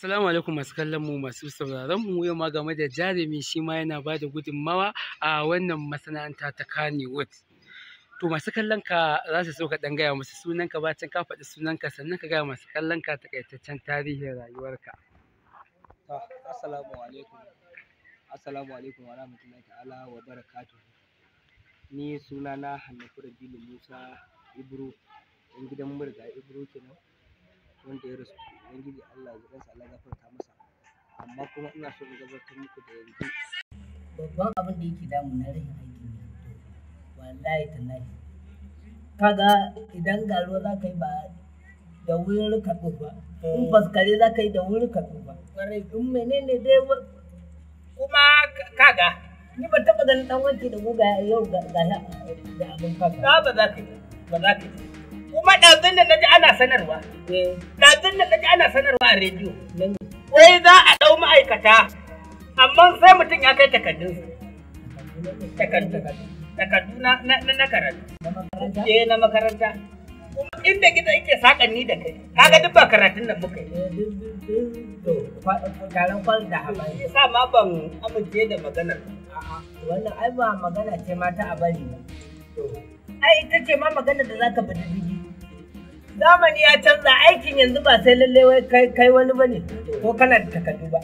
Salamu alaikum masu kallon mu masu sauraron mu yau ma game da jarumi shi ma yana ba da gudunmawa a wannan masana'anta ta Kannywood. To masu kallon ka za su so ka dan gaya musu sunan ka bacin ka faɗi sunan ka sannan ka gaya masu kallon ka takaitaccen tarihin rayuwarka. Assalamu alaikum. Assalamu alaikum wa rahmatullahi ta'ala wa barakatuh. Ni sunana Hannu Rabilu Musa Ibro, In gidan murga Ibro kenan. wanda ya rasu ubangiji Allah ya kansa Allah ya gafarta masa amma kuma ina so in gabatar muku da yanzu babban abin da yake damu na rashin aikin ne wallahi tallahi kaga idan garo za ka yi ba da wurin ka ba in eh. faskare za ka yi da wurin ka ba in menene dai kuma kaga ni ba taba ganin dan wanke da guga yau ga ga da abin kaga ba za ka ba za ka Kuma ɗazin da naji ana sanarwa. Eh. Ɗazin da naji ana sanarwa a rediyo. Wai za a ɗau ma'aikata, amma sai mutum ya kai takardunsa. Takardu na na karatu. Eh na makaranta. Kuma inda gida yake saƙanni da kai, kaga duk ba karatun nan muka yi. Eh, taron kwal da habari. Sa ma ban amince da maganar. Wannan ai ba magana ce ma ta abari ba. Ai ita ce ma magana da zaka bi diddigi. zamani ya canza aikin yanzu ba sai lalle wai kai wani bane ko kana da takardu ba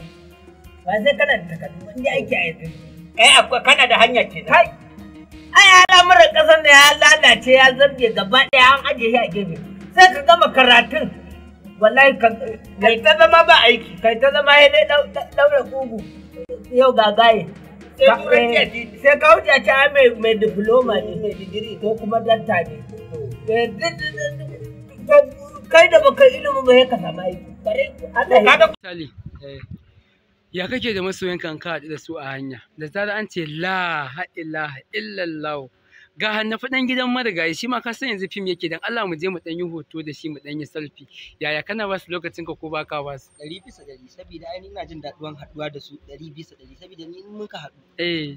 ba sai kana da takardu ba inda aiki a yanzu kai eh, akwai kana da hanya ke kai ai al'amuran ƙasar da ya lalace ya zarge gaba ɗaya an ajiye shi a gefe sai ka gama karatun wallahi kai ta zama ba aiki kai ta zama ya dai daura kugu yau gaye eh, sai ka wuce a mai diploma ne mai digiri ko kuma danta ne eh, kai da baka ilimin ba ya ka aiki eh, ya kake da masoyan kanka ka da su a hanya da zara an ce la ilaha illallah ga hannu faɗin gidan marigayi shi ma ka san yanzu fim yake dan Allah mu je mu ɗan yi hoto da shi mu ɗan yi yaya kana ba su lokacin ka ko baka ba su ɗari bisa ɗari saboda ai ina jin daɗuwan haɗuwa da su ɗari bisa ɗari saboda ni in muka haɗu eh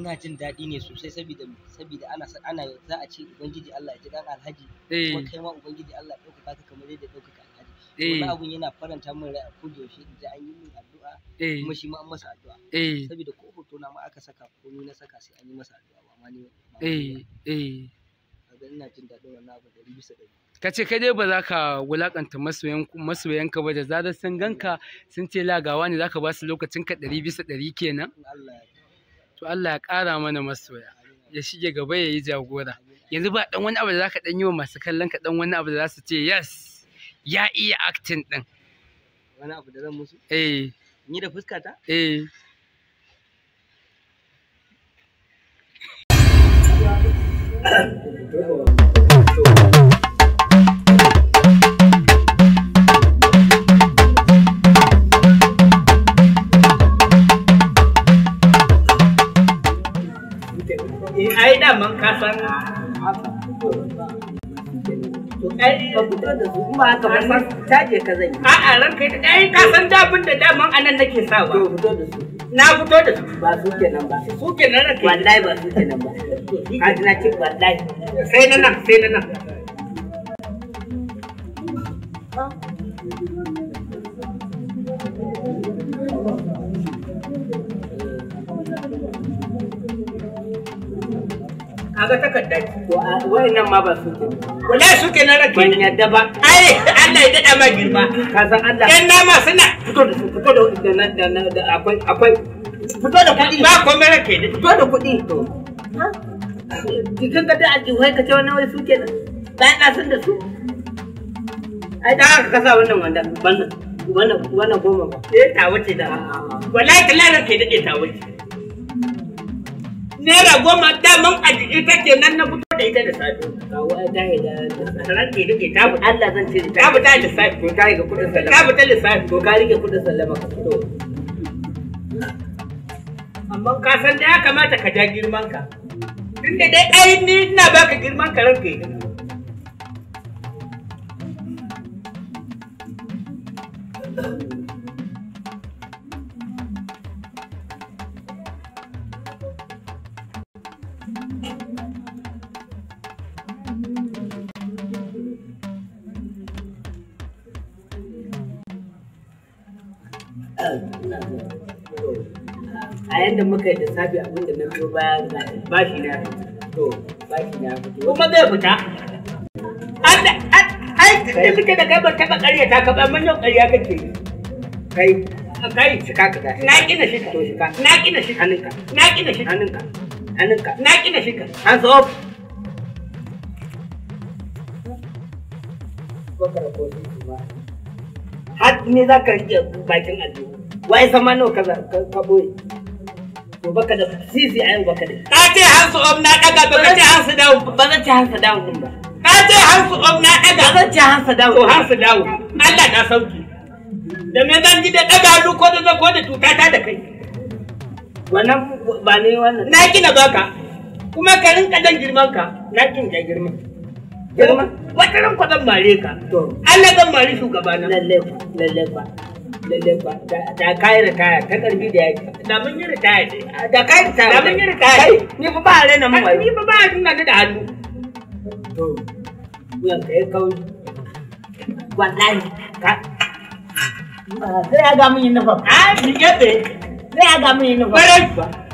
ina jin daɗi ne sosai saboda saboda ana ana za a ce ubangiji Allah ya ji dan alhaji eh. kuma kai ma ubangiji Allah ya dauka ka kamar yadda dauka ɗaukaka alhaji eh. wani abun yana faranta min rai a koda yaushe da an yi min addu'a eh. kuma shi ma an masa addu'a saboda ko hoto na ma aka saka ko ni na saka sai an yi masa addu'a ba ma ni eh eh ina jin daɗin wannan abu da bisa da ka ce kai dai ba za ka wulakanta ka ba da zarar sun ganka sun ce lagawa ne za ka ba su lokacin ka ɗari bisa ɗari kenan Allah ya to Allah ya ƙara mana masoya ya shige gaba ya yi jagora yanzu ba dan wani abu da zaka dan yi wa masu kallon ka dan wani abu da za su ce yes ya iya acting din wani abu da zan musu eh ni da fuska ta eh Eh, ai, da daman ka san to ai ka fito da su ba haka ba san caje ka zai a a ranka da ai ka san dabin da daman anan nake sawa to fito da su na fito da su ba su kenan ba su kenan ranka wallahi ba su kenan ba ka ji na ce wallahi sai na nan sai na nan kaga takarda wa'annan ma ba su ke wallahi su ke na rake ban yadda ba ai Allah ya dada ma girma ka san Allah yan nama suna fito da fito da da na da na da akwai akwai fito da kuɗi ba komai rake fito da kuɗi to kin ga da aljihuai ka ce wannan wai su ke nan bayan na san da su ai da ka kasa wannan wanda wannan wannan goma ba eh ta wuce da wallahi kallar ke dade ta wuce naira goma daman a jiki take nan na fito da ita da safe. Kawo ai ta yi da ranke rike ta fita. Allah zan ce ta fita lissafi. To ka rike kudin sallama. Ta fita lissafi. ko ka rike kudin sallama ka fito. Amma ka san da ya kamata ka ja girman ka. Tunda dai ai ni ina baka girman ka ranke. Thank you. a yanda muka yi lissafi abin na baya bashi na to bashi na kuma zai fita ai da muke da kai ban ƙarya ta mun yau ƙarya kake kai kai shika ka na kina shi to shika na kina shi hannunka na kina shi hannunka hannunka na kina shi ka har ne za ka bakin allo wai sama nawa kaza ka boye to baka da sisi a baka da ka ce hansu om na daga ba ka ce hansu dawo ba zan ce hansu dawo din ba ka ce hansu om na daga ba zan ce hansu dawo to hansu dawo Allah na sauki da me zan ji da daga lu ko da ko da ta da kai wannan ba ne wannan na kina baka kuma ka rinka dan girman ka na kin ga girman girman wata ran kwadan mare ka to Allah zan mare na lalle lalle ba lalle da kai ritaya ta karfi da yaki da mun yi ritaya ne ah, da kai ritaya da mun yi ritaya ni fa ba rena mun wai ni fa ba ina da hannu to wuyan kai kawai wallahi ka ah, sai ya ga mun yi nufa a ni yabe sai ya ga mun yi nufa